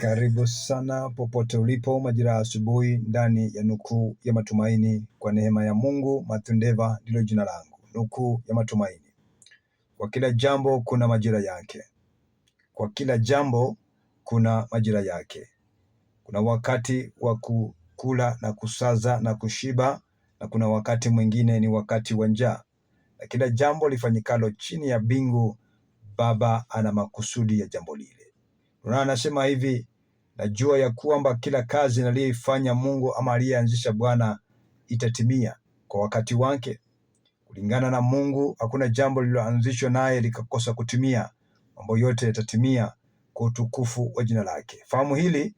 Karibu sana popote ulipo, majira ya asubuhi ndani ya nukuu ya matumaini. Kwa neema ya Mungu, Matundeva ndilo jina langu. Nukuu ya matumaini: kwa kila jambo kuna majira yake, kwa kila jambo kuna majira yake. Kuna wakati wa kukula na kusaza na kushiba, na kuna wakati mwingine ni wakati wa njaa, na kila jambo lifanyikalo chini ya bingu, Baba ana makusudi ya jambo lile. Unaona, anasema hivi Najua ya kwamba kila kazi naliyoifanya Mungu ama aliyeanzisha Bwana itatimia kwa wakati wake. Kulingana na Mungu hakuna jambo lililoanzishwa naye likakosa kutimia. Mambo yote yatatimia kwa utukufu wa jina lake. Fahamu hili,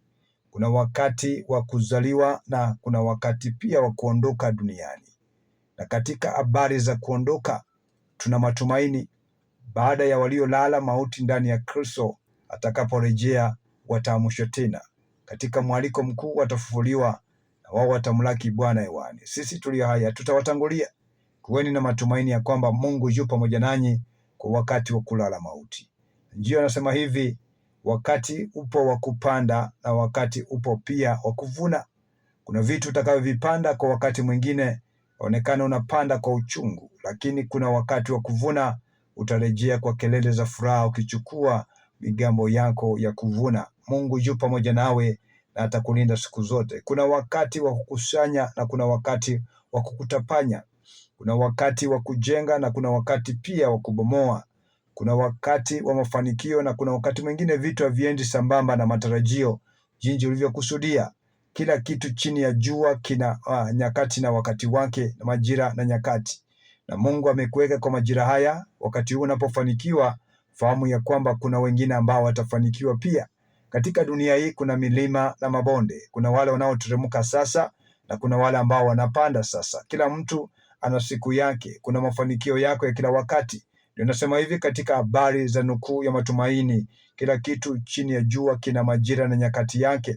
kuna wakati wa kuzaliwa na kuna wakati pia wa kuondoka duniani. Na katika habari za kuondoka, tuna matumaini baada ya waliolala mauti ndani ya Kristo atakaporejea wataamshwa tena katika mwaliko mkuu, watafufuliwa na wao watamlaki Bwana hewani. Sisi tulio haya tutawatangulia. Kuweni na matumaini ya kwamba Mungu yu pamoja nanyi kwa wakati wa kulala mauti. Njio anasema hivi, wakati upo wa kupanda na wakati upo pia wa kuvuna. Kuna vitu utakavyovipanda kwa wakati mwingine onekana unapanda kwa uchungu, lakini kuna wakati wa kuvuna, utarejea kwa kelele za furaha ukichukua migambo yako ya kuvuna. Mungu yu pamoja nawe na atakulinda siku zote. Kuna wakati wa kukusanya na kuna wakati wa kukutapanya. Kuna wakati wa kujenga na kuna wakati pia wa kubomoa. Kuna wakati wa mafanikio na kuna wakati mwingine vitu haviendi sambamba na matarajio jinsi ulivyokusudia. Kila kitu chini ya jua kina ah, nyakati na wakati wake na majira na nyakati, na Mungu amekuweka kwa majira haya. Wakati huu unapofanikiwa, fahamu ya kwamba kuna wengine ambao watafanikiwa pia. Katika dunia hii kuna milima na mabonde, kuna wale wanaoteremka sasa na kuna wale ambao wanapanda sasa. Kila mtu ana siku yake, kuna mafanikio yako ya kila wakati. Ndio nasema hivi katika habari za nukuu ya matumaini, kila kitu chini ya jua kina majira na nyakati yake.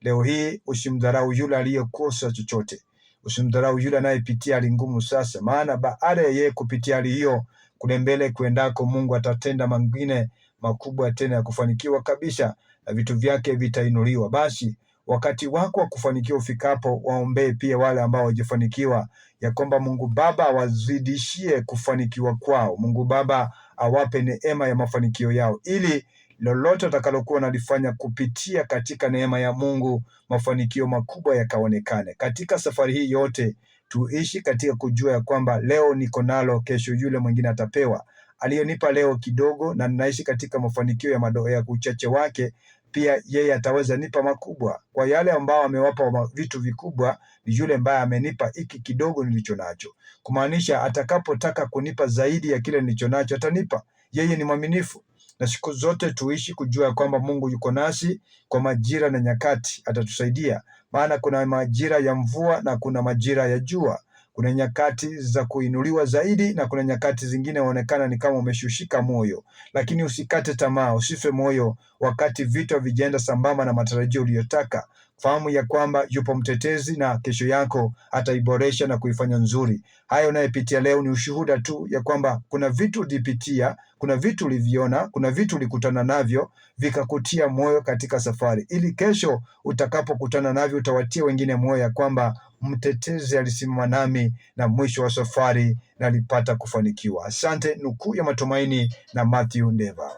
Leo hii usimdharau yule aliyekosa chochote, usimdharau yule anayepitia hali ngumu sasa, maana baada ya yeye kupitia hali hiyo kule mbele kuendako, Mungu atatenda mengine makubwa tena ya kufanikiwa kabisa na vitu vyake vitainuliwa. Basi wakati wako wa kufanikiwa ufikapo, waombee pia wale ambao hawajafanikiwa, ya kwamba Mungu Baba awazidishie kufanikiwa kwao. Mungu Baba awape neema ya mafanikio yao, ili lolote watakalokuwa nalifanya kupitia katika neema ya Mungu, mafanikio makubwa yakaonekane katika safari hii yote. Tuishi katika kujua ya kwamba leo niko nalo, kesho yule mwingine atapewa aliyonipa leo kidogo, na ninaishi katika mafanikio ya madoa ya uchache wake, pia yeye ataweza nipa makubwa. Kwa yale ambao amewapa vitu vikubwa ni yule ambaye amenipa hiki kidogo nilicho nacho, kumaanisha atakapotaka kunipa zaidi ya kile nilicho nacho atanipa. Yeye ni mwaminifu, na siku zote tuishi kujua kwamba Mungu yuko nasi kwa majira na nyakati, atatusaidia maana kuna majira ya mvua na kuna majira ya jua. Kuna nyakati za kuinuliwa zaidi na kuna nyakati zingine waonekana ni kama umeshushika moyo, lakini usikate tamaa, usife moyo wakati vitu havijaenda sambamba na matarajio uliyotaka fahamu ya kwamba yupo mtetezi na kesho yako ataiboresha na kuifanya nzuri. Hayo unayepitia leo ni ushuhuda tu ya kwamba kuna vitu ulipitia, kuna vitu uliviona, kuna vitu ulikutana navyo vikakutia moyo katika safari, ili kesho utakapokutana navyo utawatia wengine moyo ya kwamba mtetezi alisimama nami na mwisho wa safari nalipata kufanikiwa. Asante. Nukuu ya matumaini na Matthew Ndeva.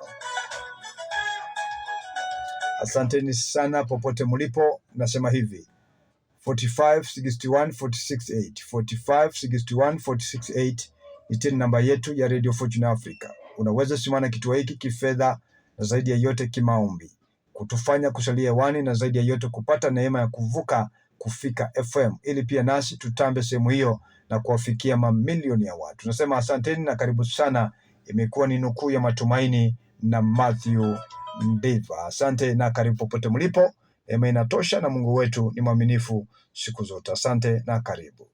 Asanteni sana popote mlipo, nasema hivi 45 61 468 45 61 468 ni tena namba yetu ya Radio Fortune Africa. Unaweza simana kituo hiki kifedha na zaidi ya yote kimaombi, kutufanya kusalia wani na zaidi ya yote kupata neema ya kuvuka kufika FM ili pia nasi tutambe sehemu hiyo na kuwafikia mamilioni ya watu. Tunasema asanteni na karibu sana. Imekuwa ni nukuu ya matumaini na Mathew ndiva Asante na karibu popote mlipo. Ema inatosha na Mungu wetu ni mwaminifu siku zote. Asante na karibu.